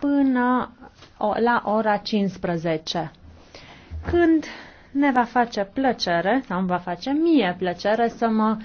până la ora 15, când ne va face plăcere, sau îmi va face mie plăcere să mă